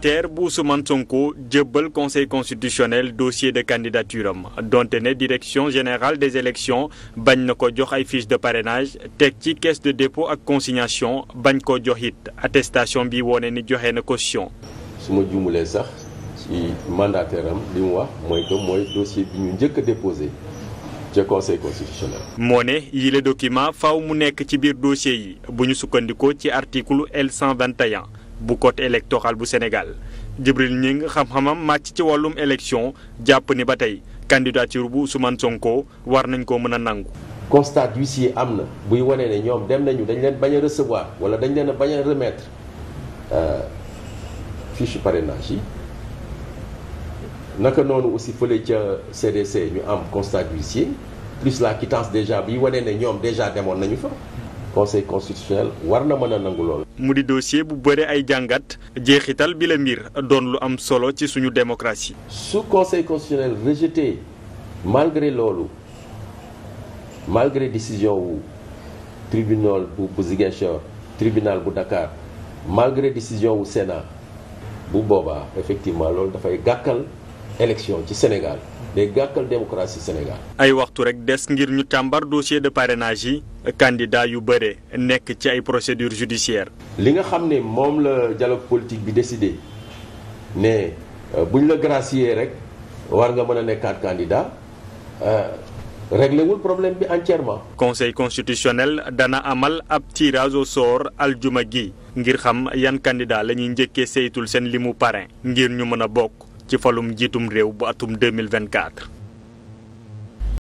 teer bu man Sonko jëbbal conseil constitutionnel dossier de candidature am donte ne direction générale des élections bañ na ko jox ay fiche de parrainage teg ci caisse de dépôt ak consignation bañ ko jox it attestation bi woone ni joxe na caution. su ma juumalee sax ci mandataire am wax mooy que mooy dossier bi ñu njëkk a déposé. ca conseil constitutionnel. moo ne yile document faw mu nekk ci biir dossier yi bu ñu sukkandikoo ci article L 121. bu code électoral bu Sénégal Djibril Gningue xam-xamam màcc ci wàllum élection jàpp ni ba tey candidature bu Ousmane Sonko war nañ ko mën a nangu. constat yi am na buy wane ne ñoom dem nañu dañu leen bañ a recevoir wala dañu leen a bañ a remettre euh, fiche parrainage yi naka noonu aussi fële ca CDC ñu am constat d'huissier plus la quittance déjà buy wane ne ñoom déjà demoon nañu fa. conseil constitutionnel war na mën a nangu lool. mu di dossier bu bëree ay jàngat jeexital bi la mbir doon lu am solo ci suñu démocratie. su conseil constitutionnel rejeté malgré loolu malgré décision wu tribunal bu bu Ziguinchor bu Dakar malgré décision wu Sénat bu boobaa effectivement loolu dafay gàkkal élection ci Sénégal day gàkkal démocratie Sénégal. ay waxtu rek des ngir ñu càmbar dossier de parrainage yi. candidat yu bëre nekk ci ay procédure judiciaire li nga xam ne moom la dialogue politique bi décidé ne euh, buñ la gracier rek war nga mën a nekkaat candidat euh, réglé wul problème bi entièrement. conseil constitutionnel dana amal ab tirage au sort aljuma gi ngir xam yan candidat la ñuy njëkkee saytul seen limu parrain ngir ñu mën a bokk ci falum njiitum réew bu atum 2024